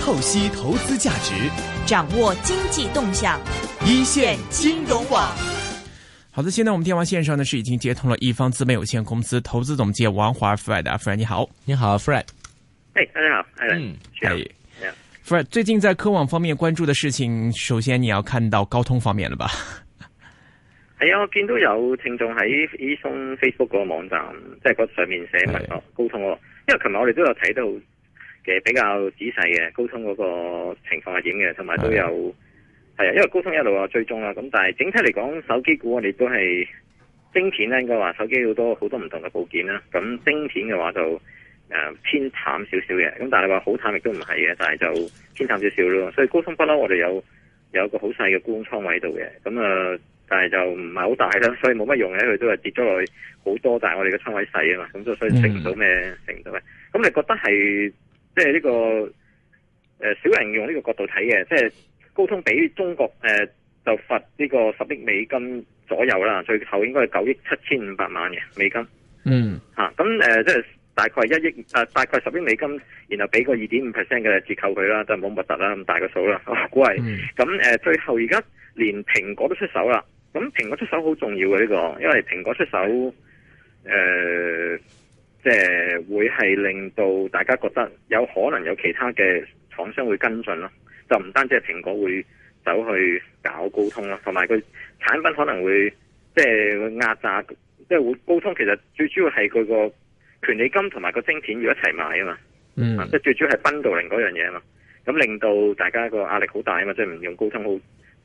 透析投資價值，掌握經濟動向，一線金融網。好的，現在我們電話線上呢是已經接通了一方資本有限公司投資總監王華 fred 啊 fred 你好，你好，fred hey 大家好，hey 嗯 hi. Hi.，fred 最近在科網方面關注的事情，首先你要看到高通方面了吧？係啊，我見到有聽眾喺伊松 Facebook 個網站，即係嗰上面寫文哦，hey. 高通哦，因為琴日我哋都有睇到。嘅比較仔細嘅高通嗰個情況係點嘅，同埋都有係啊，因為高通一路啊追蹤啦。咁但係整體嚟講，手機股我哋都係晶片咧，應該話手機好多好多唔同嘅部件啦。咁晶片嘅話就誒、呃、偏淡少少嘅。咁但係話好淡亦都唔係嘅，但係就偏淡少少咯。所以高通不嬲，我哋有有個好細嘅沽空倉位度嘅。咁啊、呃，但係就唔係好大啦，所以冇乜用嘅。佢都係跌咗落去好多，但係我哋嘅倉位細啊嘛。咁就所以食唔到咩，食唔到嘅。咁你覺得係？即係呢個誒少、呃、人用呢個角度睇嘅，即係高通俾中國誒、呃、就罰呢個十億美金左右啦，最後應該係九億七千五百萬嘅美金。嗯，吓咁誒，即係、呃就是、大概一億誒、呃，大概十億美金，然後俾個二點五 percent 嘅折扣佢啦，就冇乜特啦，咁大個數啦，估係！咁、嗯、誒、呃，最後而家連蘋果都出手啦，咁蘋果出手好重要嘅呢、這個，因為蘋果出手誒。呃即係會係令到大家覺得有可能有其他嘅廠商會跟進咯，就唔單止係蘋果會走去搞高通咯，同埋佢產品可能會即係壓榨，即係會高通其實最主要係佢個權利金同埋個晶片要一齊買，mm. 啊嘛，嗯，即係最主要係賓道林嗰樣嘢，啊嘛，咁令到大家個壓力好大啊嘛，即係唔用高通好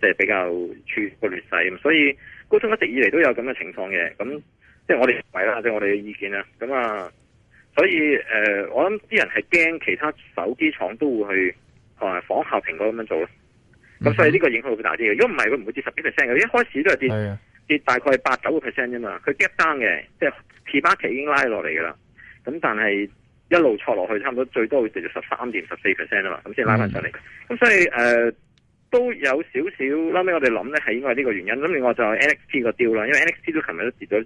即係比較處個劣勢，所以高通一直以嚟，都有咁嘅情況嘅，咁。即係我哋唔係啦，即係我哋嘅意見啦。咁啊，所以誒、呃，我諗啲人係驚其他手機廠都會去誒仿效蘋果咁樣做咯。咁、嗯、所以呢個影響會大啲嘅。如果唔係，佢唔會跌十幾 percent 嘅。一開始都係跌跌大概八九個 percent 啫嘛。佢 get down 嘅，即係 p b 期已經拉落嚟噶啦。咁但係一路挫落去，差唔多最多會跌到十三點十四 percent 啊嘛。咁先拉翻上嚟。咁、嗯、所以誒、呃、都有少少。後尾我哋諗咧係應該係呢個原因。咁另外就 NXP 個 deal 啦，因為 NXP 都琴日都跌咗。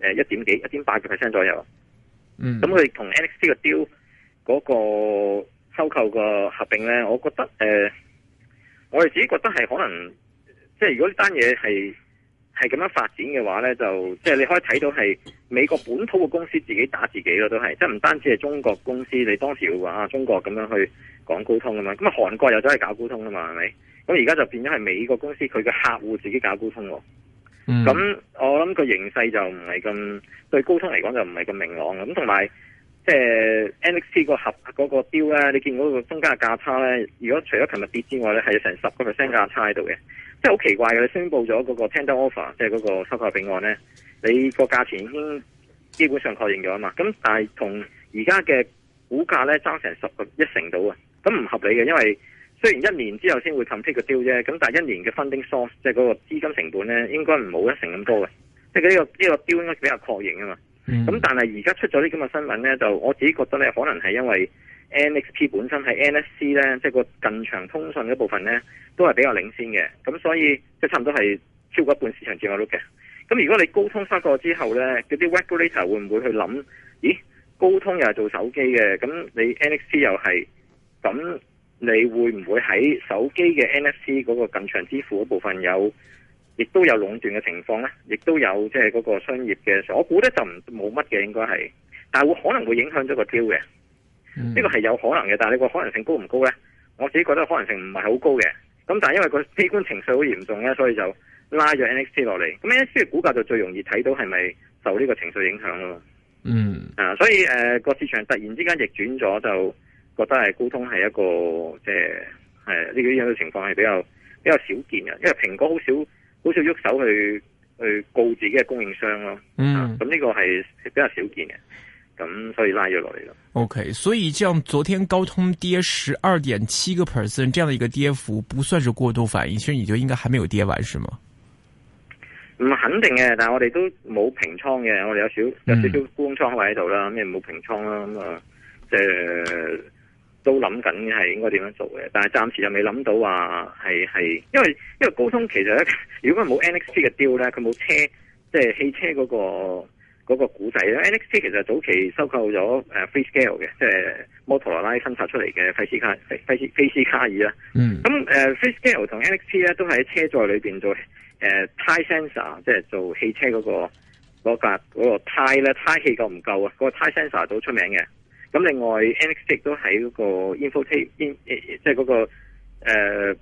誒，一點幾、一點八嘅 percent 左右，嗯，咁佢同 NXC 嘅 deal 嗰個收購個合併呢，我覺得誒、呃，我哋自己覺得係可能，即係如果呢單嘢係係咁樣發展嘅話呢，就即係你可以睇到係美國本土嘅公司自己打自己咯，都係，即係唔單止係中國公司，你當時會話啊中國咁樣去講高通啊嘛，咁啊韓國又走去搞高通啊嘛，係咪？咁而家就變咗係美國公司佢嘅客戶自己搞高通。咁、嗯、我諗個形勢就唔係咁對高通嚟講就唔係咁明朗啦。咁同埋即係 NXT 個盒嗰個標咧，你見嗰個中間嘅價差咧，如果除咗琴日跌之外咧，係有成十個 percent 價差喺度嘅，即係好奇怪嘅。你宣布咗嗰個 tender offer，即係嗰個收購併案咧，你個價錢已經基本上確認咗啊嘛。咁但係同而家嘅股價咧爭成十個一成度啊，咁唔合理嘅，因為。雖然一年之後先會 confirm 個 deal 啫，咁但係一年嘅 funding source，即係嗰個資金成本咧，應該唔冇一成咁多嘅。即係佢呢個呢、呢個 deal 應該比較確認啊嘛。咁、嗯、但係而家出咗呢啲咁嘅新聞咧，就我自己覺得咧，可能係因為 NXP 本身喺 NFC 咧，即係、就是、個近場通訊嗰部分咧，都係比較領先嘅。咁所以即差唔多係超過一半市場佔有率嘅。咁如果你高通失過之後咧，嗰啲 regulator 會唔會去諗？咦，高通又係做手機嘅，咁你 NXP 又係咁？你會唔會喺手機嘅 NFC 嗰個近場支付嗰部分有，亦都有壟斷嘅情況咧？亦都有即係嗰個商業嘅，我估咧就唔冇乜嘅，應該係，但係會可能會影響咗個 deal 嘅。呢個係有可能嘅，但係你個可能性高唔高咧？我自己覺得可能性唔係好高嘅。咁但係因為個悲觀情緒好嚴重咧，所以就拉咗 NFC 落嚟。咁 NFC 嘅股價就最容易睇到係咪受呢個情緒影響咯？嗯，啊，所以誒個、呃、市場突然之間逆轉咗就。覺得係高通係一個，即係呢啲呢種情況係比較比較少見嘅，因為蘋果好少好少喐手去去告自己嘅供應商咯。嗯，咁，啊，呢個係比較少見嘅，咁所以拉咗落嚟咯。Okay，所以像昨天高通跌十二點七個 percent，這樣的一個跌幅，不算是過度反應。其實你就應該還沒有跌完，是嗎？唔肯定嘅，但係我哋都冇平倉嘅，我哋有少有少少沽倉位喺度啦，咁你冇平倉啦，咁啊即係。呃呃都諗緊係應該點樣做嘅，但係暫時又未諗到話係係，因為因為高通其實咧，如果係冇 NXP 嘅 deal 咧，佢冇車，即、就、係、是、汽車嗰、那個嗰、那個故仔啦 NXP 其實早期收購咗誒、呃、Freescale 嘅，即係摩托羅拉分拆出嚟嘅費斯卡費斯費斯卡爾啦。嗯、mm.，咁誒 Freescale 同 NXP 咧都喺車載裏邊做誒、呃、tie sensor，即係做汽車嗰、那個嗰、那個嗰個胎咧胎氣夠唔夠啊？嗰個 tie sensor 都出名嘅。咁另外 n x c 都喺嗰個 infotape，In，即係嗰、嗰個、呃、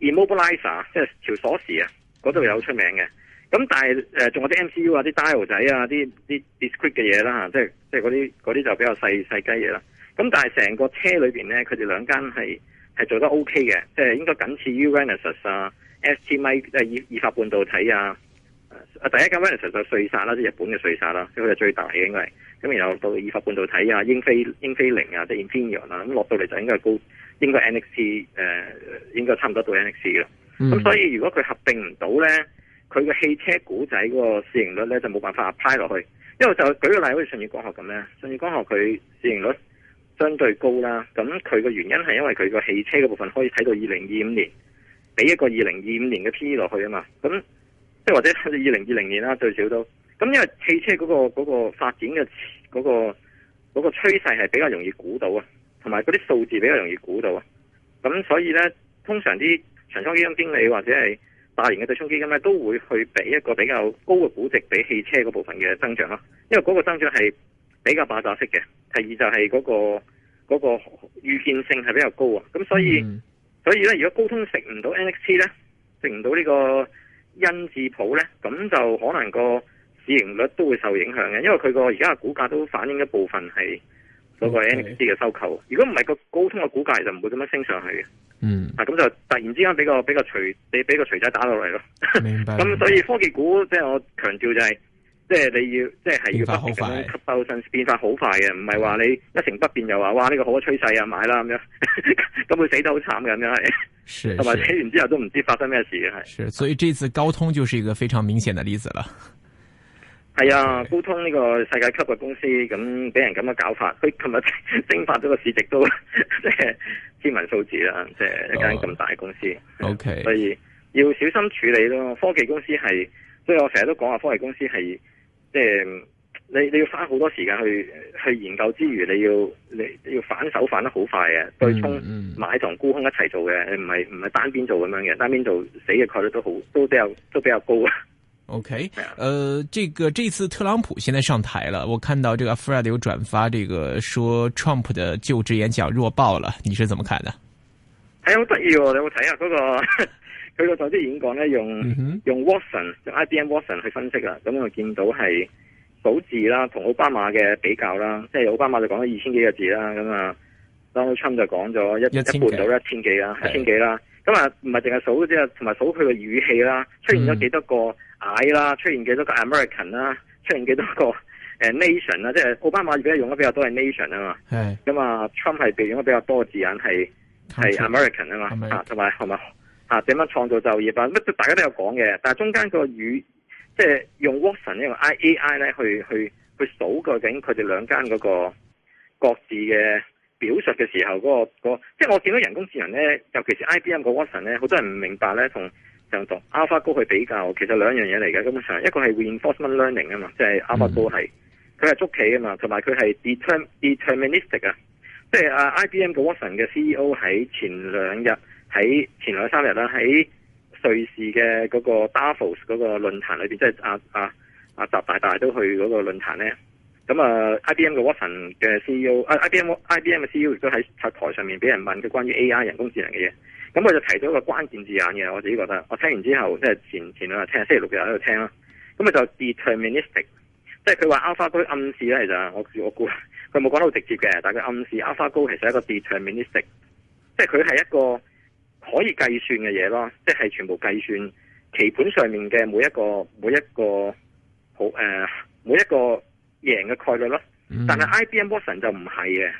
immobilizer，即係條鎖匙啊，嗰度有出名嘅。咁但係誒仲有啲 MCU 啊，啲 dial 仔啊，啲啲 discrete 嘅嘢啦吓，即係即係嗰啲嗰啲就比較細細雞嘢啦。咁但係成個車裏邊咧，佢哋兩間係係做得 OK 嘅，即係應該僅次於 Renesas 啊、STMicro 誒、意、意法半導體啊。第一間當然就係瑞薩啦，啲、就是、日本嘅瑞薩啦，即佢係最大嘅應該係。咁然後到意法半導體啊、英飛、英飛凌啊、即係 Infineon 啊，咁落到嚟就應該係高，應該 NXP 誒應該差唔多到 NXP 嘅。咁、嗯、所以如果佢合併唔到咧，佢個汽車股仔嗰個市盈率咧就冇辦法派落去。因為就舉個例好似舜宇光學咁咧，舜宇光學佢市盈率相對高啦。咁佢嘅原因係因為佢個汽車嘅部分可以睇到二零二五年，俾一個二零二五年嘅 P 落去啊嘛。咁即係或者二零二零年啦，最少都咁，因為汽車嗰個嗰個發展嘅嗰個嗰個趨勢係比較容易估到啊，同埋嗰啲數字比較容易估到啊。咁所以呢，通常啲長倉基金經理或者係大型嘅對沖基金呢，都會去俾一個比較高嘅估值俾汽車嗰部分嘅增長啦。因為嗰個增長係比較爆炸式嘅。第二就係嗰個嗰個預見性係比較高啊。咁所以、嗯、所以呢，如果高通食唔到 NXT 呢，食唔到呢個。恩智浦咧，咁就可能個市盈率都會受影響嘅，因為佢個而家嘅股價都反映一部分係嗰個 N X 嘅收購。如果唔係個高通嘅股價就唔會咁樣升上去嘅。嗯，啊咁就突然之間俾個俾個錘俾俾個錘仔打落嚟咯。明白。咁 所以科技股即係我強調就係、是。即係你要，即係係不停咁樣吸收，新變化好快嘅，唔係話你一成不變又話哇呢個好嘅趨勢啊，買啦咁樣，咁會死得好慘嘅咁樣係，同埋睇完之後都唔知發生咩事嘅係。係，所以呢次高通就係一個非常明顯嘅例子啦。係啊，okay。高通呢個世界級嘅公司，咁俾人咁樣嘅搞法，佢琴日蒸發咗個市值都即係天文數字啦，即係一間咁大嘅公司。OK。所以要小心處理咯。科技公司係，所以我成日都講啊，科技公司係。即係你你要花好多時間去去研究之餘，你要你要反手反得好快嘅，嗯、對沖買同沽空一齊做嘅，唔係唔係單邊做咁樣嘅，單邊做死嘅概率都好都比較都比較高啊。OK，呃，這個這次特朗普現在上台了，我看到這個 Fred 有轉發這個說 Trump 的就職演講弱爆了，你是怎麼看呢？哎呀好得意喎！你有冇睇，哦、下嗰個？ 佢個首次演講咧，用用 Watson，用 IBM Watson 去分析啦，咁我見到係數字啦，同奧巴馬嘅比較啦，即係奧巴馬就講咗二千幾個字啦，咁啊 Donald Trump 就講咗一一半到一千幾啦，一千幾啦，咁啊唔係淨係數嗰啲同埋數佢嘅語氣啦，出現咗幾多個矮啦，出現幾多個 American 啦，出現幾多個誒 nation 啦，即係奧巴馬而家用得比較多係 nation 啊嘛，咁啊 Trump 係被用得比較多嘅字眼係係 American 啊嘛，嚇同埋係嘛。啊！點樣創造就業啊？乜都大家都有講嘅，但係中間個語，即係用 Watson 用 IAI 咧去去去數究竟佢哋兩間嗰個各自嘅表述嘅時候，嗰、嗰個、嗰個、即係我見到人工智能咧，尤其是 IBM 個 Watson 咧，好多人唔明白咧，同就同 AlphaGo 去比較，其實兩樣嘢嚟嘅，根本上，一個係 reinforcement learning 啊嘛、嗯，即係 AlphaGo 係佢係捉棋啊嘛，同埋佢係 deterministic 啊，即係啊 IBM 個 Watson 嘅 CEO 喺前兩日。喺前兩三日啦，喺瑞士嘅嗰個 Davos 嗰個論壇裏邊即係阿阿阿習大大都去嗰個論壇咧。咁啊，IBM 嘅 Watson 嘅 CEO，IBM、啊、IBM 嘅 CEO 亦都喺台上面俾人問佢關於 AI 人工智能嘅嘢。咁佢就提咗個關鍵字眼嘅，我自己覺得。我聽完之後，即係前前兩日聽，星期六日喺度聽啦。咁佢就 deterministic，即係佢話 AlphaGo 暗示咧，示其實我我估佢冇講得好直接嘅，但係佢暗示 AlphaGo 其實係一個 deterministic，即係佢係一個。可以計算嘅嘢咯，即係全部計算棋盤上面嘅每一個每一個好誒、呃、每一個贏嘅概率咯、嗯。但係 IBM Watson 就唔係嘅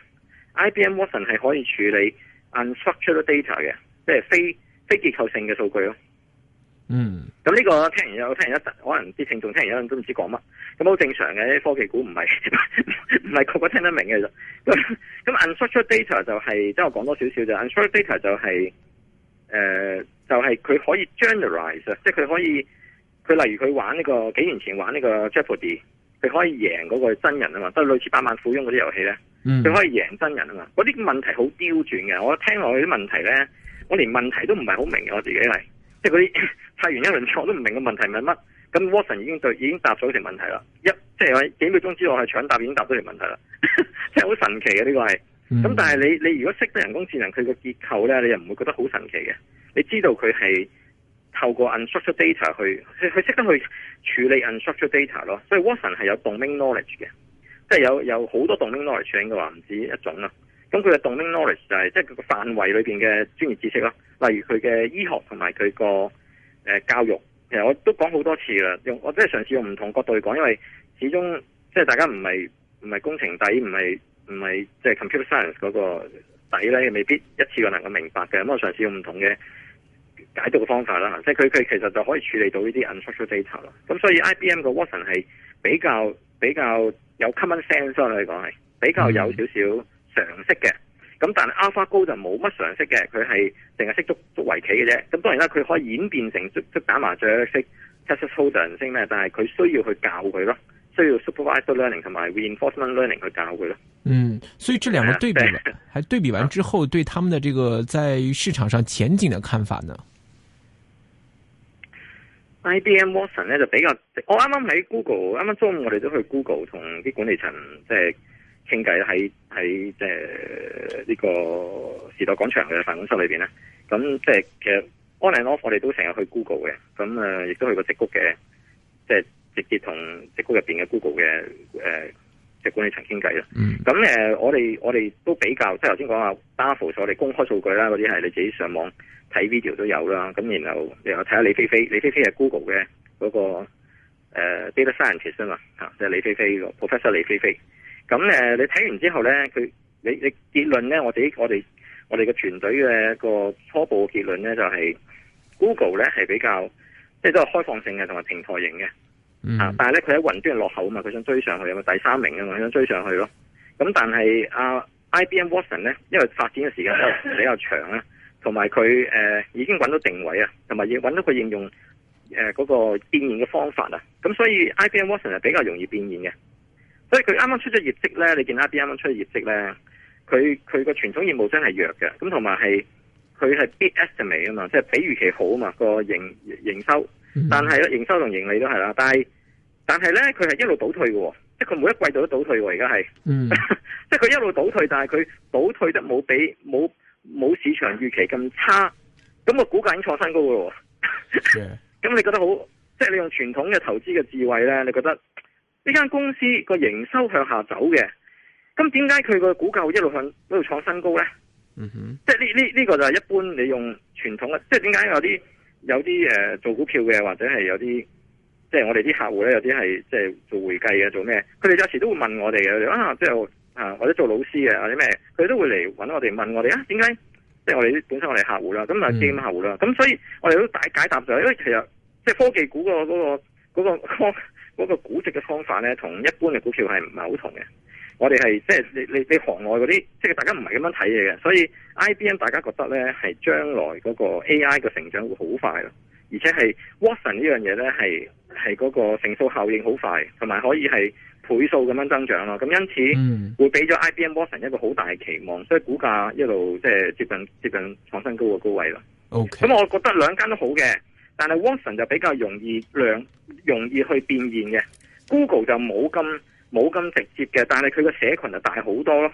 ，IBM Watson 係可以處理 unstructured data 嘅，即係非非結構性嘅數據咯。嗯，咁呢個聽完有聽完一陣，可能啲聽眾聽完一陣都唔知講乜，咁好正常嘅，科技股唔係唔係個個聽得明嘅啫。咁 unstructured data 就係即係我講多少少就 unstructured data 就係、是。誒、呃，就係、是、佢可以 generalize 啊，即係佢可以，佢例如佢玩呢、這個幾年前玩呢個 Jeopardy，佢可以贏嗰個真人啊嘛，即係類似百萬富翁嗰啲遊戲咧，佢可以贏真人啊嘛，嗰啲問題好刁鑽嘅，我聽落去啲問題咧，我連問題都唔係好明嘅，我自己係，即係嗰啲猜完一輪之後我都唔明嘅問題係乜，咁 Watson 已經對已經答咗條問題啦，一即係我幾秒鐘之內係搶答已經答咗條問題啦，即係好神奇嘅呢、這個係。咁、嗯、但係你你如果識得人工智能佢個結構咧，你又唔會覺得好神奇嘅。你知道佢係透過 unstructured data 去佢佢識得去處理 unstructured data 咯，所以 Watson 係有 domain knowledge 嘅，即係有有好多 domain knowledge 嘅話唔止一種啦。咁佢嘅 domain knowledge 就係、是、即係佢個範圍裏邊嘅專業知識啦，例如佢嘅醫學同埋佢個誒教育。其實我都講好多次啦，我真嘗試用我即係嘗試用唔同角度去講，因為始終即係大家唔係唔係工程底唔係。唔係即係 computer science 嗰個底咧，未必一次過能夠明白嘅。咁我嘗試用唔同嘅解讀嘅方法啦，即係佢佢其實就可以處理到呢啲 unstructured data 啦。咁所以 IBM 個 Watson 係比較比較有 common sense 相對嚟講係比較有少少常識嘅。咁笑容但係 AlphaGo 就冇乜常識嘅，佢係淨係識捉捉圍棋嘅啫。咁當然啦，佢可以演變成捉捉打麻雀、識 Texas Hold'em 先咩？但係佢需要去教佢咯。需要 supervised learning 同埋 reinforcement learning 去教佢咯。嗯，所以這兩個對比，還 對比完之後，對他們的這個在市場上前景的看法呢？IBM Watson 咧就比較，我啱啱喺 Google，啱啱中午我哋都去 Google 同啲管理層即係傾偈喺喺即係呢個時代廣場嘅辦公室裏邊咧。咁即係其實 on and off 我哋都成日去 Google 嘅，咁誒亦都去過直谷嘅，即係。直接同直股入邊嘅 Google 嘅誒嘅管理層傾偈啦。咁、呃嗯呃、我哋我哋都比較即係頭先講啊 b a r f u r 所謂公開數據啦，嗰啲係你自己上網睇 video 都有啦。咁然後你又睇下李飛飛，李飛飛係 Google 嘅嗰、嗰個、呃、data scientist 嘛，吓即係李飛飛個 Professor 李飛飛。咁、呃、你睇完之後咧，佢你你結論咧，我哋我哋我哋個團隊嘅個初步結論咧，就係、是、Google 咧係比較即係都係開放性嘅，同埋平台型嘅。嗯、啊！但係咧，佢喺雲端係落後啊嘛，佢想追上去啊嘛，第三名啊嘛，佢想追上去咯。咁但係啊 IBM Watson 咧，因為發展嘅時間比較長啦，同埋佢誒已經揾到定位啊，同埋亦揾到佢應用誒嗰、呃那個變現嘅方法啊。咁所以 IBM Watson 係比較容易變現嘅。所以佢啱啱出咗業績咧，你見 IBM 啱啱出咗業績咧，佢佢個傳統業務真係弱嘅。咁同埋係佢係 beat estimate 啊嘛，即係比預期好啊嘛，那個營營收。Mm -hmm. 但係咧，營收同盈利都係啦，但係但係咧，佢係一路倒退嘅，哦，即係佢每一季度都倒退嘅，而家係，即係佢一路倒退，但係佢倒退得冇比冇冇市場預期咁差，咁、那個股價已經創新高噶啦，哦，咁、yeah. 你覺得好？即係你用傳統嘅投資嘅智慧咧，你覺得呢間公司個營收向下走嘅，咁點解佢個股價一路向一路創新高咧？Mm -hmm. 即係呢呢呢個就係一般你用傳統嘅，即係點解有啲？有啲做股票嘅，或者係有啲即係我哋啲客戶咧，有啲係即係做會計嘅，做咩？佢哋有時都會問我哋嘅，啊，即係嚇或者做老師嘅，或者咩？佢都會嚟搵我哋問我哋啊，點解？即係我哋啲本身我哋客戶啦，咁啊兼客戶啦，咁、嗯、所以我哋都大解答就因為其實即係、就是、科技股、嗰個、嗰個、嗰個、嗰個估值嘅方法咧，同一般嘅股票係唔係好同嘅。我哋係即係你你你，你行外嗰啲，即係大家唔係咁樣睇嘢嘅，所以 IBM 大家覺得咧係將來嗰個 AI 嘅成長會好快咯，而且係 Watson 呢樣嘢咧係係嗰個乘數效應好快，同埋可以係倍數咁樣增長咯，咁因此會俾咗 IBM Watson 一個好大嘅期望，所以股價一路即係接近接近創新高嘅高位啦。咁、okay. 我覺得兩間都好嘅，但係 Watson 就比較容易量容易去變現嘅，Google 就冇咁。冇咁直接嘅，但係佢個社群就大好多咯。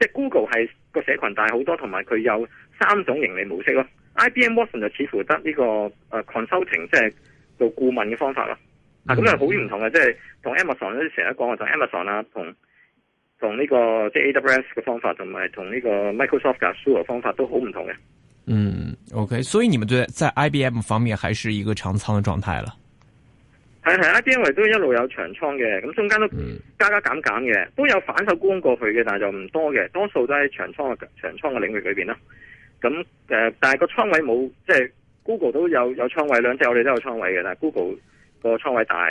即係 Google 係個社群大好多，同埋佢有三種盈利模式咯。IBM Watson 就似乎得呢個誒 consulting，即係做顧問嘅方法咯。咁係好唔同嘅，即係同 Amazon 成日講嘅，就 Amazon 啦，同同呢個即係 AWS 嘅方法，嗯、同埋同呢個 Microsoft 嘅 Azure 方法都好唔同嘅。嗯，OK，所以你們對在 IBM 方面還是一個長倉嘅狀態啦。係係，A D M 都一路有長倉嘅，咁中間都加加減減嘅，都有反手沽過去嘅，但係就唔多嘅，多數都喺長倉嘅長倉嘅領域裏邊咯。咁誒，但係個倉位冇即係 Google 都有有倉位兩隻，兩隻我哋都有倉位嘅，但係 Google 個倉位大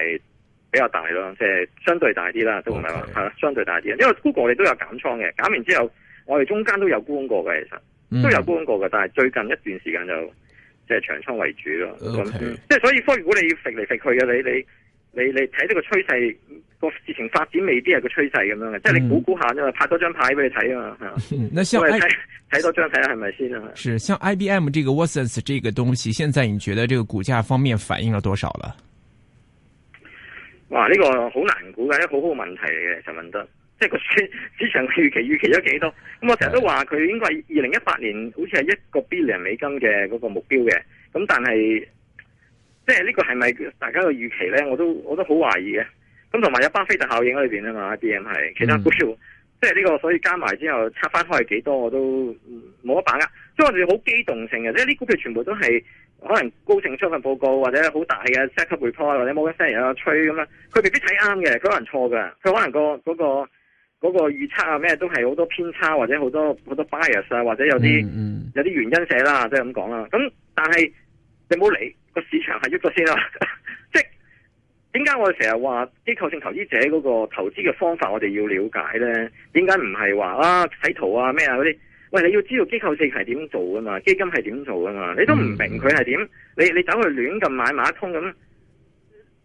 比較大咯，即係相對大啲啦，okay. 都唔係話係咯，相對大啲。因為 Google 我哋都有減倉嘅，減完之後我哋中間都有沽過嘅，其實都有沽過嘅，但係最近一段時間就。即、就、係、是、長倉為主咯，咁即係所以科技股你要蝕嚟蝕去嘅，你你你你睇呢個趨勢，個事情發展未必係個趨勢咁樣嘅，即、就、係、是、你估估下啫嘛，拍多張牌俾你睇啊，嘛、嗯，咁咪睇睇多張睇下係咪先啊。是，像 I B M 這個 Watsons 這個東西，現在你覺得這個股價方面反映了多少了？哇，呢、這個難好難估嘅，一個好好嘅問題嚟嘅，陳文德。即係個市市場預期預期咗幾多？咁我成日都話佢應該係二零一八年，好似係一個 billion 美金嘅嗰個目標嘅。咁但係，即係呢個係咪大家嘅預期咧？我都我都好懷疑嘅。咁同埋有巴菲特效應喺裏邊啊嘛，啲嘢係其他股票，嗯、即係呢、這個所以加埋之後拆翻開係幾多？我都冇乜、嗯、把握。所以我哋好機動性嘅，即係啲股票全部都係可能高盛出份報告，或者好大嘅 set up report，或者摩根士丹又吹咁樣，佢未必睇啱嘅，可能錯噶。佢可能個、那個。嗰、那個預測啊，咩都係好多偏差或者好多好多 bias 啊，或者有啲、嗯嗯、有啲原因寫啦，即係咁講啦。咁但係你冇理個市場係喐咗先啦。即係點解我哋成日話機構性投資者嗰個投資嘅方法，我哋要了解咧？點解唔係話啊睇圖啊咩啊嗰啲？喂，你要知道機構性係點做㗎嘛？基金係點做㗎嘛？你都唔明佢係點？你你走去亂咁買買一通咁，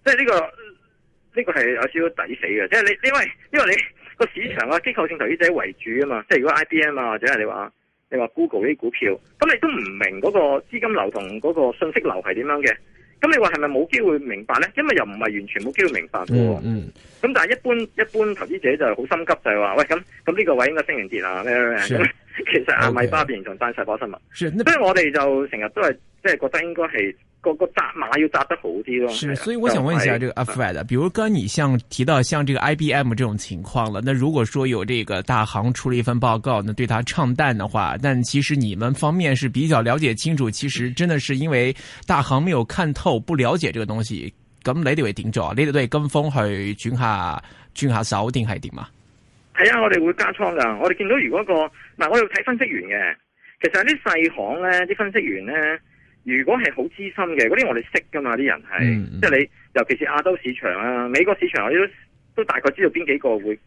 即係呢個呢、這個係有少少抵死嘅。即係你因為因為你。你你那個市場啊，機構性投資者為主啊嘛，即係如果 IBM 啊或者係你話，你話 Google 啲股票，咁你都唔明嗰個資金流同嗰個信息流係點樣嘅，咁你話係咪冇機會明白呢？因為又唔係完全冇機會明白嘅。嗯咁、嗯、但係一般一般投資者就好心急，就係話喂，咁咁呢個位應該升完跌啊咩咩咩。咩咩其實阿米巴病仲單細胞生物、okay. 是那，所以我哋就成日都係即係覺得應該係個個紮馬要紮得好啲咯、啊。是，所以我想問一下這個阿 Fred，比如剛你像提到像這個 IBM 這種情況了，那如果說有這個大行出了一份報告，那對他唱淡的話，但其實你們方面是比較了解清楚，其實真的是因為大行沒有看透，不了解這個東西。咁你哋會點做啊？你哋會跟風去轉下轉下手定係點啊？係啊，我哋會加倉噶。我哋見到如果個，嗱，我要睇分析員嘅。其實有啲細行咧，啲分析員咧，如果係好資深嘅，嗰啲我哋識噶嘛，啲人係，即係你，尤其是亞洲市場啊，美國市場我，我都都大概知道邊幾個會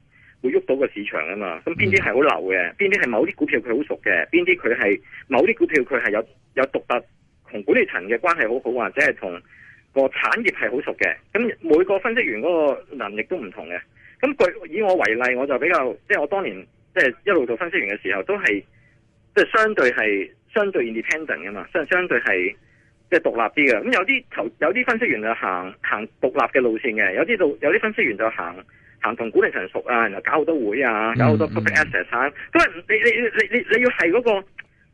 會喐到個市場啊嘛。咁邊啲係好流嘅，邊啲係某啲股票佢好熟嘅，邊啲佢係某啲股票佢係有有獨特同管理層嘅關係好好，或者係同個產業係好熟嘅。咁每個分析員嗰個能力都唔同嘅。咁佢以我為例，我就比較即係我當年即係一路做分析員嘅時候，都係即係相對係相對 independent 嘅嘛，即相，相對係即係獨立啲嘅。咁有啲投有啲分析員就行行獨立嘅路線嘅，有啲做有啲分析員就行行同管理層熟啊，然後搞好多會啊，嗯嗯嗯搞好多 public access 啊。都係你你你你你要係嗰、那個，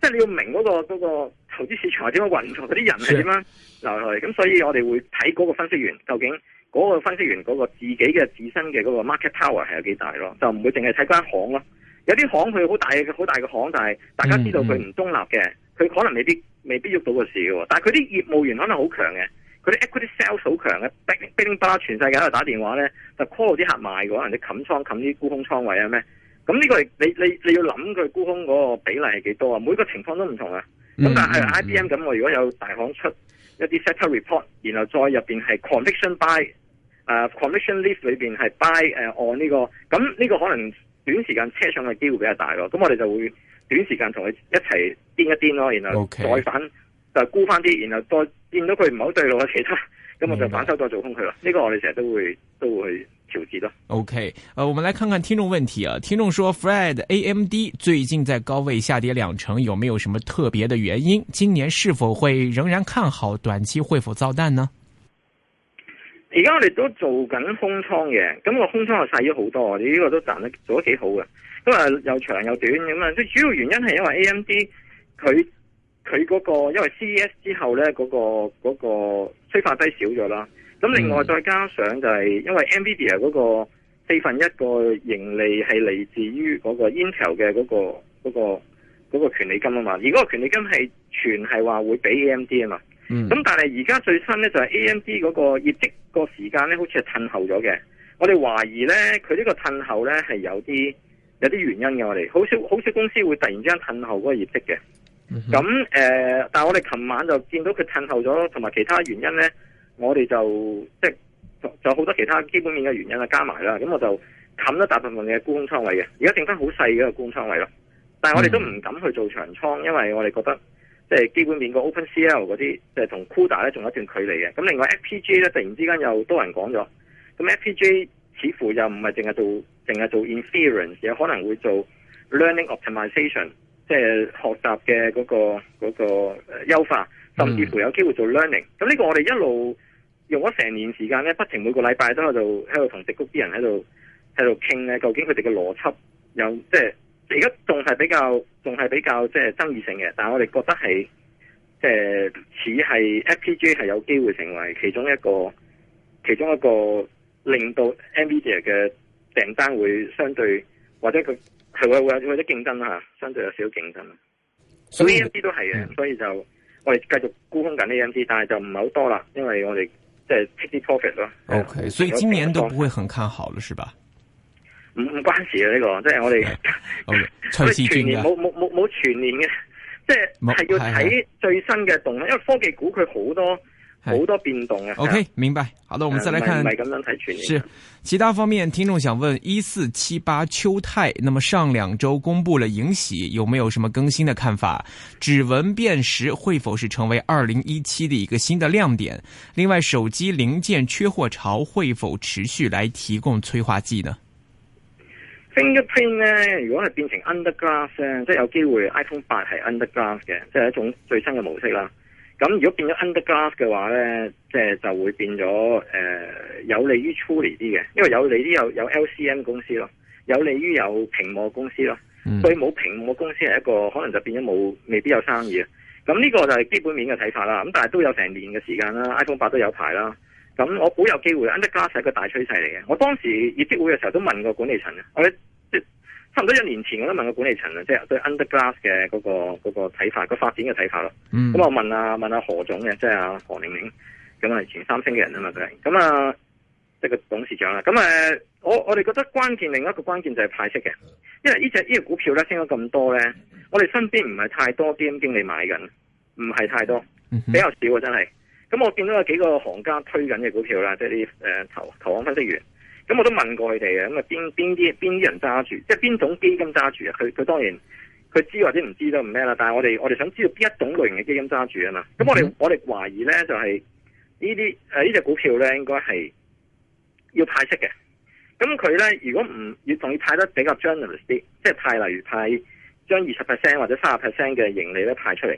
即係你要明嗰、那個嗰、那個、投資市場係點樣運作，嗰啲人係點樣流去。咁所以我哋會睇嗰個分析員究竟。嗰、那個分析員嗰個自己嘅自身嘅嗰個 market power 係有幾大咯？就唔會淨係睇嗰一行咯、啊。有啲行佢好大嘅好大嘅行，但係大家知道佢唔中立嘅，佢可能未必未必喐到個事嘅。但係佢啲業務員可能好強嘅，佢啲 equity sales 好強嘅，bling bling 全世界喺度打電話咧，就 call 啲客賣嘅話，你冚倉冚啲沽空倉位啊咩？咁呢、這個係你你你要諗佢沽空嗰個比例係幾多啊？每一個情況都唔同啊。咁、嗯、但係 IBM 咁，我如果有大行出，一啲 sector report，然後再入面係 conviction buy，conviction、uh, list 裏邊係 buy 誒 on 呢個，咁呢個可能短時間車上嘅機會比較大咯，咁我哋就會短時間同佢一齊癲一癲咯，然後再反、okay. 就沽翻啲，然後再見到佢唔好對路嘅其他，咁我就反手再做空佢喇。呢、mm -hmm. 個我哋成日都會都會。都會九 OK，呃、我們來看看聽眾問題啊。聽眾說，Fred，A M D 最近在高位下跌兩成，有沒有什麼特別的原因？今年是否會仍然看好？短期會否造淡呢？而家我哋都做緊空倉嘅，咁、那個空倉又細咗好多。你、這、呢個都賺得做得幾好嘅，因為又長又短咁啊。最主要原因係因為 A M D 佢佢嗰、那個因為 C E S 之後咧嗰、那個嗰、那個催化劑少咗啦。咁另外再加上就係因為 Nvidia 嗰個四分一個盈利係嚟自於嗰個 Intel 嘅嗰個嗰個嗰個權利金啊嘛，而嗰個權利金係全係話會俾 AMD 啊嘛。咁、嗯、但係而家最新咧就係 AMD 嗰個業績個時間咧好似係褪後咗嘅。我哋懷疑咧佢呢個褪後咧係有啲有啲原因嘅我哋，好少好少公司會突然之間褪後嗰個業績嘅。咁、嗯、誒、呃，但係我哋琴晚就見到佢褪後咗，同埋其他原因咧。我哋就即係就好多其他基本面嘅原因啊，加埋啦，咁我就冚咗大部分嘅沽空倉位嘅，而家剩翻好細嘅沽空倉位咯。但係我哋都唔敢去做長倉，因為我哋覺得即係基本面個 open CL 嗰啲，即係同 CUDA 咧仲有一段距離嘅。咁另外 FPGA 咧，突然之間又多人講咗，咁 FPGA 似乎又唔係淨係做淨係做 inference，有可能會做 learning optimization，即係學習嘅嗰個嗰個優化，甚至乎有機會做 learning。咁呢個我哋一路。用咗成年時間咧，不停每個禮拜都喺度喺度同植谷啲人喺度喺度傾咧，究竟佢哋嘅邏輯有即係，而家仲係比較仲係比較即係爭議性嘅。但係我哋覺得係即係似係 FPG 係有機會成為其中一個其中一個令到 NVIDIA 嘅訂單會相對或者佢佢會會有少少競爭啦，相對有少少競爭。所以呢啲都係嘅，所以就我哋繼續沽空緊啲 NPS，但係就唔係好多啦，因為我哋。即係 take 啲 profit 咯、okay, 嗯。O K，所以今年都不會很看好了，嗯、是吧？唔唔關事啊，呢、這個即係我哋，唔 係、 okay, 全年冇冇冇冇全年嘅，即係係要睇最新嘅動，因為科技股佢好多。好多變動嘅、啊。O、okay, K，、啊、明白。好的、啊，我們再來看。唔、啊、睇是，是，樣是其他方面，聽眾想問：一四七八秋泰，那麼上兩周公布了盈喜，有沒有什麼更新的看法？指紋辨識會否是成為二零一七的一個新的亮點？另外，手機零件缺貨潮會否持續來提供催化劑呢？Fingerprint 呢，如果係變成 under glass 呢，即係有機會 iPhone 八係 under glass 嘅，即係一種最新嘅模式啦。咁如果變咗 under glass 嘅話呢，即、就、係、是、就會變咗誒、呃、有利於出理啲嘅，因為有利啲有有 L C M 公司咯，有利於有屏幕公司咯，所以冇屏幕公司係一個可能就變咗冇未必有生意啊。咁呢個就係基本面嘅睇法啦。咁但係都有成年嘅時間啦，iPhone 八都有排啦。咁我好有機會 under glass 係一個大趨勢嚟嘅。我當時業績會嘅時候都問過管理層嘅。差唔多一年前我都問過管理層啊，即、就、係、是、對 Under Glass 嘅嗰、那個睇、那個那個、法，那個發展嘅睇法咯。咁、嗯、我問啊問阿、啊、何總嘅，即係阿何玲玲咁啊，前三星嘅人啊嘛佢係，咁啊即係個董事長啦。咁、嗯、誒，我我哋覺得關鍵另一個關鍵就係派息嘅，因為呢隻呢隻、這個、股票咧升咗咁多咧，我哋身邊唔係太多基金經理買緊，唔係太多，比較少啊真係。咁我見到有幾個行家推緊嘅股票啦，即係啲誒投投行分析員。咁、嗯、我都問過佢哋嘅，咁啊邊邊啲邊啲人揸住，即係邊種基金揸住啊？佢佢當然佢知或者唔知都唔咩啦。但係我哋我哋想知道邊一種類型嘅基金揸住啊嘛。咁我哋我哋懷疑咧就係呢啲誒呢隻股票咧，應該係要派息嘅。咁佢咧如果唔要，仲要派得比較 generous 啲，即係派例如派將二十 percent 或者三十 percent 嘅盈利咧派出嚟。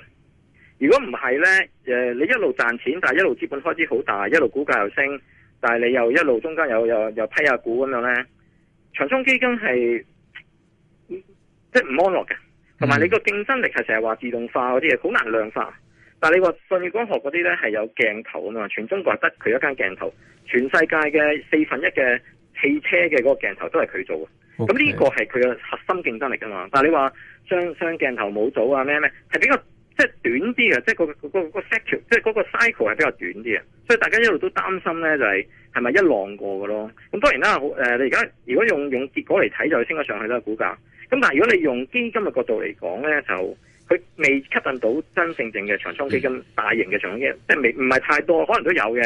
如果唔係咧，誒、呃、你一路賺錢，但係一路資本開支好大，一路股價又升。但係你又一路中間又又又批下股咁樣咧，長中基金係即係唔安樂嘅，同埋你個競爭力係成日話自動化嗰啲嘢好難量化。但係你話舜宇光學嗰啲咧係有鏡頭啊嘛，全中國得佢一間鏡頭，全世界嘅四分一嘅汽車嘅嗰個鏡頭都係佢做嘅，咁、okay. 呢個係佢嘅核心競爭力啊嘛。但係你話雙雙鏡頭模組啊咩咩，係比較。即係短啲嘅，即係個個個個 cycle，即係嗰個 cycle 係比較短啲嘅，所以大家一路都擔心咧，就係係咪一浪過嘅咯。咁當然啦，誒、呃，你而家如果用用結果嚟睇，就升得上去啦，股價。咁但係如果你用基金嘅角度嚟講咧，就佢未吸引到真正正嘅長倉基金、大型嘅長倉基金，即係未唔係太多，可能都有嘅，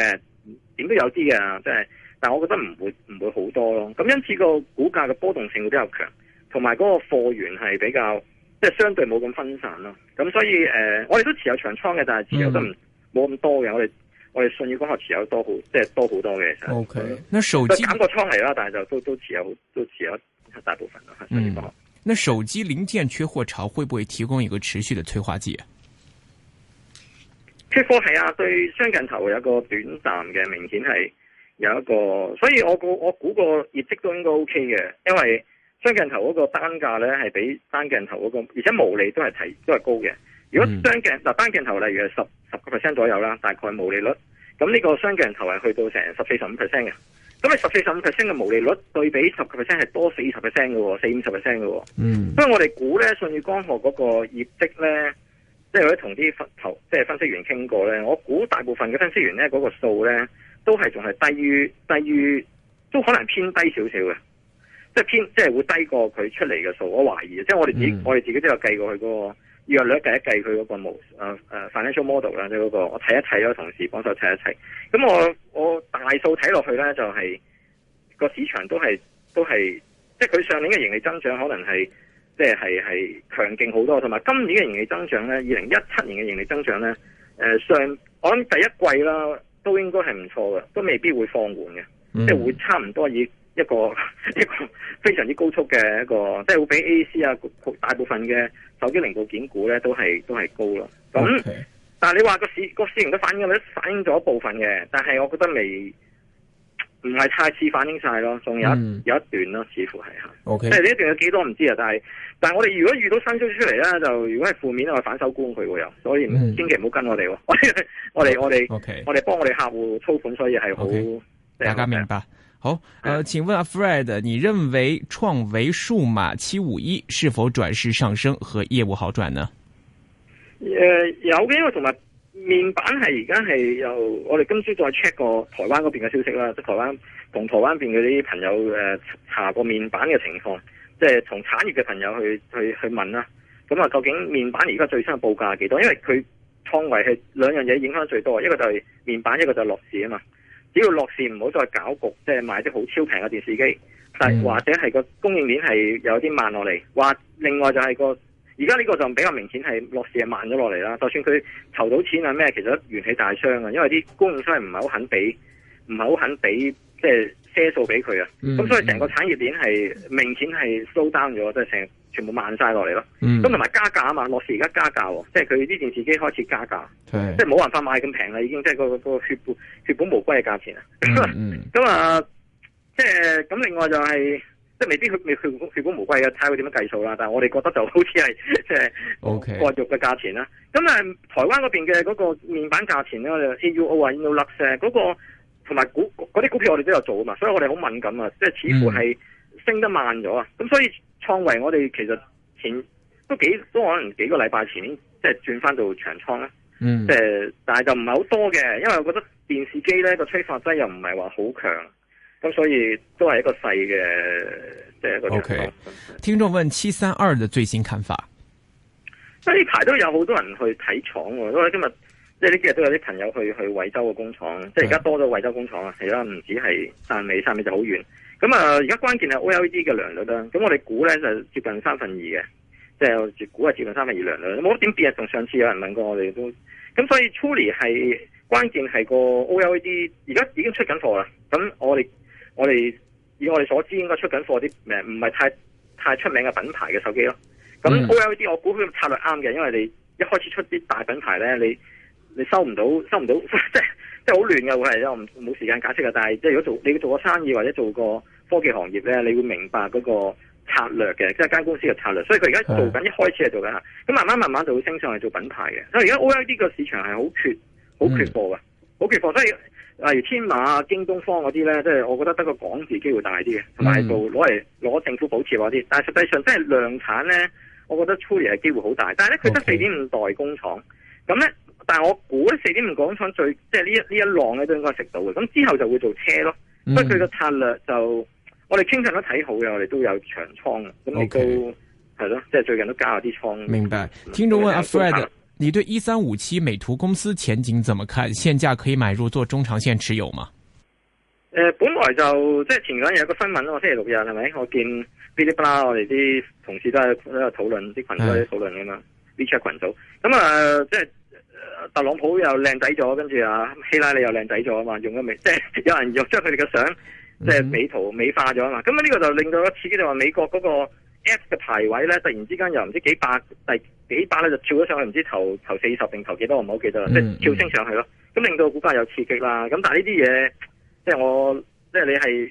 點都有啲嘅。即係，但係我覺得唔會唔會好多咯。咁因此個股價嘅波動性會比較強，同埋嗰個貨源係比較。即係相對冇咁分散咯，咁所以誒、呃，我哋都持有長倉嘅，但係持有得唔冇咁多嘅。我哋我哋舜宇光學持有多好，即、就、係、是、多好多嘅。O、okay. K，那手機感覺倉係啦，但係就都都持有都持有大部分啦。嗯，那手機零件缺貨潮會唔會提供一個持續嘅催化劑？缺貨係啊，對雙鏡頭有一個短暫嘅明顯係有一個，所以我個我估個業績都應該 O K 嘅，因為。雙鏡頭嗰個單價咧，係比單鏡頭嗰個，而且毛利都係提都係高嘅。如果雙鏡嗱單鏡頭咧，例如係十十個 percent 左右啦，大概毛利率。咁呢個雙鏡頭係去到成十四十五 percent 嘅。咁你十四十五 percent 嘅毛利率，對比十個 percent 係多四十 percent 嘅，四五十 percent 嘅。嗯。所以我哋估咧，信譽光學嗰個業績咧，即係我同啲投即係分析員傾過咧，我估大部分嘅分析員咧嗰個數咧，都係仲係低於低於，都可能偏低少少嘅。即係偏，即係會低過佢出嚟嘅數。我懷疑即係我哋自己，嗯、我哋自己都有計過佢嗰、那個，約略計一計佢嗰個模，誒、啊、誒、啊、financial model 啦，即係嗰、那個。我睇一睇咗，同事幫手睇一睇。咁我我大數睇落去咧，就係、是、個市場都係都係，即係佢上年嘅盈利增長可能係，即係係係強勁好多。同埋今年嘅盈利增長咧，二零一七年嘅盈利增長咧，誒、呃、上我諗第一季啦，都應該係唔錯嘅，都未必會放緩嘅、嗯，即係會差唔多以。一個一個非常之高速嘅一個，即係會比 A、C 啊，大部分嘅手機零部件股咧都係都係高啦。咁、okay. 但係你話個市個市盈率反映咗一部分嘅，但係我覺得未唔係太似反映晒咯，仲有一、嗯、有一段咯，似乎係吓。Okay. 即係呢一段有幾多唔知啊。但係但係我哋如果遇到新消息出嚟咧，就如果係負面我反手沽佢會有。所以千祈唔好跟我哋、okay. 我哋、okay. 我哋我哋幫我哋客戶操盤，所以係好、okay. 大家明白。好，誒、呃，請問阿、啊、Fred，你認為創維數碼七五一是否轉勢上升和業務好轉呢？誒、呃，有嘅，因為同埋面板係而家係由我哋今朝再 check 過台灣嗰邊嘅消息啦，即係台灣同台灣邊嗰啲朋友誒、呃、查過面板嘅情況，即係同產業嘅朋友去去去問啦。咁啊，究竟面板而家最新嘅報價係幾多？因為佢創維係兩樣嘢影響最多，一個就係面板，一個就係樂視啊嘛。只要樂視唔好再搞局，即係賣啲好超平嘅電視機，但是或者係個供應鏈係有啲慢落嚟，或另外就係個，而家呢個就比較明顯係樂視係慢咗落嚟啦。就算佢籌到錢啊咩，其實元氣大傷啊，因為啲供應商係唔係好肯俾，唔係好肯俾即係賒數俾佢啊。咁、就是嗯嗯、所以成個產業鏈係明顯係 slowdown 咗，即係成。全部慢晒落嚟咯，咁同埋加價啊嘛，樂視而家加價喎，即係佢啲電視機開始加價，嗯、即係冇辦法買咁平啦，已經即係個個血本血本無歸嘅價錢啊！咁、嗯嗯嗯嗯、啊，即係咁另外就係、是、即係未必血血血本無歸嘅，睇下佢點樣計數啦。但係我哋覺得就好似係即係割肉嘅價錢啦。咁啊，台灣嗰邊嘅嗰個面板價錢咧，我就 AUO 啊，Innolux 嗰個同埋股嗰啲股票，我哋都有做啊嘛，所以我哋好敏感啊，即係似乎係升得慢咗、嗯、啊，咁所以。倉位我哋其實前都幾都可能幾個禮拜前即係轉翻到長倉啦，即係、嗯、但係就唔係好多嘅，因為我覺得電視機咧個催化劑又唔係話好強，咁所以都係一個細嘅即係一個情況。Okay，聽眾問七三二的最新看法，即呢排都有好多人去睇廠，因為今日即係呢幾日都有啲朋友去去惠州嘅工廠，即係而家多咗惠州工廠啊，其實唔止係汕尾，汕尾就好遠。咁啊，而家關鍵係 O L E D 嘅良率啦。咁我哋估咧就接近三分二嘅，即係估係接近三分二良率。冇得點變啊！同上次有人問過我哋都，咁所以 Truly 係關鍵係個 O L E D，而家已經出緊貨啦。咁我哋我哋以我哋所知應該，應該出緊貨啲咩？唔係太太出名嘅品牌嘅手機咯。咁 O L E D，我估佢策略啱嘅，因為你一開始出啲大品牌咧，你你收唔到收唔到，到 即係即係好亂嘅會係咯。我冇時間解釋㗎。但係即係如果做你要做個生意或者做個，科技行業咧，你會明白嗰個策略嘅，即係間公司嘅策略。所以佢而家做緊，一開始係做緊嚇，咁慢慢慢慢就會升上去做品牌嘅。所以而家 OLED 個市場係好缺，好缺貨嘅，好、嗯、缺貨。所以例如天馬啊、京東方嗰啲咧，即係我覺得得個講字機會大啲嘅，同埋做攞嚟攞政府補貼嗰啲。但係實際上即係量產咧，我覺得 Truly 係機會好大、嗯、大。但係咧，佢得四點五代工廠，咁咧，但係我估咧四點五代工廠最即係呢一呢一浪咧都應該食到嘅。咁之後就會做車咯。所以佢個策略就，嗯嗯。我哋經常都睇好嘅，我哋都有長倉，咁亦都係咯。即、okay。係最近都加下啲倉。明白。嗯、聽眾問，問阿 Fred 你對一三五七美圖公司前景怎麼看？現價可以買入做中長線持有嗎？誒、呃，本來就即係前兩日有個新聞咯，我星期六日係咪？我見噼里啪啦，我哋啲同事都係喺度討論，啲、嗯、群都喺討論噶嘛，WeChat 群組。咁、嗯、啊、呃，即係特朗普又靚仔咗，跟住啊希拉里又靚仔咗啊嘛，用咗未？即係有人用將佢哋嘅相。即、嗯、係、就是、美圖美化咗啊嘛，咁呢個就令到個刺激就話美國嗰個 app 嘅排位咧，突然之間又唔知幾百第幾百咧就跳咗上去，唔知頭頭四十定頭幾多我唔好記得啦，即、嗯、係、就是、跳升上去咯，咁令到股價有刺激啦，咁但係呢啲嘢即係我。即係你係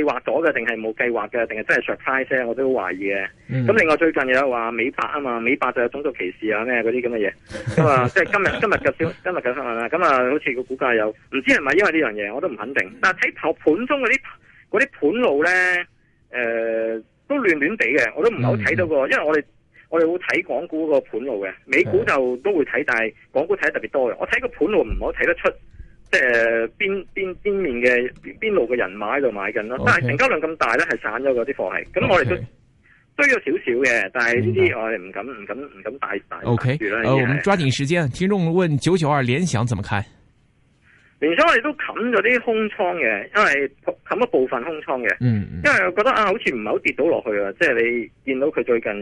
計劃咗嘅，定係冇計劃嘅，定係真係 surprise 啊？我都好懷疑嘅。咁、嗯、另外最近有話美白啊嘛，美白就有種族歧視啊咩嗰啲咁嘅嘢。咁啊， 即係今日今日嘅消，今日嘅新聞啦。咁啊，好似個股價又唔知係咪因為呢樣嘢，我都唔肯定。嗯、但係睇盤中嗰啲嗰啲盤路咧，誒、呃、都亂亂地嘅，我都唔好睇到個、嗯，因為我哋我哋會睇港股個盤路嘅，美股就都會睇，但係港股睇得特別多嘅。我睇個盤路唔好睇得出。即、呃、誒邊邊邊面嘅邊路嘅人馬喺度買緊咯，但係成交量咁大咧，係散咗嗰啲貨係。咁、okay, 我哋都追咗少少嘅，但係呢啲我哋唔敢唔敢唔敢帶帶。O、okay, K，、呃、我們抓緊時間，聽眾問九九二聯想怎麼看？聯想我哋都冚咗啲空倉嘅，因為冚咗部分空倉嘅、嗯，因為我覺得啊，好似唔係好跌到落去啊，即係你見到佢最近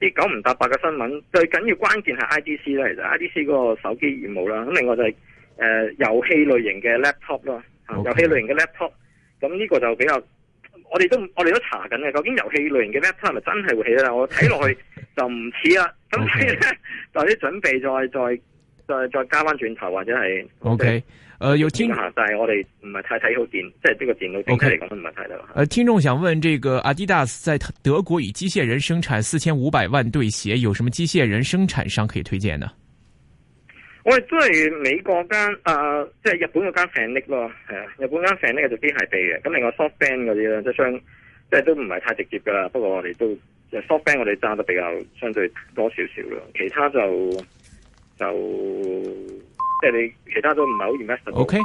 啲九唔搭八嘅新聞，最緊要關鍵係 I D C 咧，其實 I D C 個手機業務啦，咁另外就係、是。誒、呃，遊戲類型嘅 laptop 咯，遊、okay. 戲類型嘅 laptop，咁呢個就比較，我哋都我哋都查緊嘅，究竟遊戲類型嘅 laptop 係咪真係會起得？我睇落去就唔似啦，咁所以咧就啲準備再再再再加翻轉頭或者係，OK，誒、嗯，有聽下，但係我哋唔係太睇好電，即係呢個電腦 OK 嚟講都唔係太得。啦。誒，聽眾想問，這個 Adidas 在德國以機械人生產四千五百萬對鞋，有什麼機械人生產商可以推薦呢？我哋都係美國間啊、呃，即係日本嗰間 Fanuc 咯，啊，日本間 Fanuc 就機械地嘅，咁另外 soft band 嗰啲咧，即係相，即係都唔係太直接噶啦。不過我哋都，soft band 我哋揸得比較相對多少少咯。其他就就即係你其他都唔係好 invest。O K。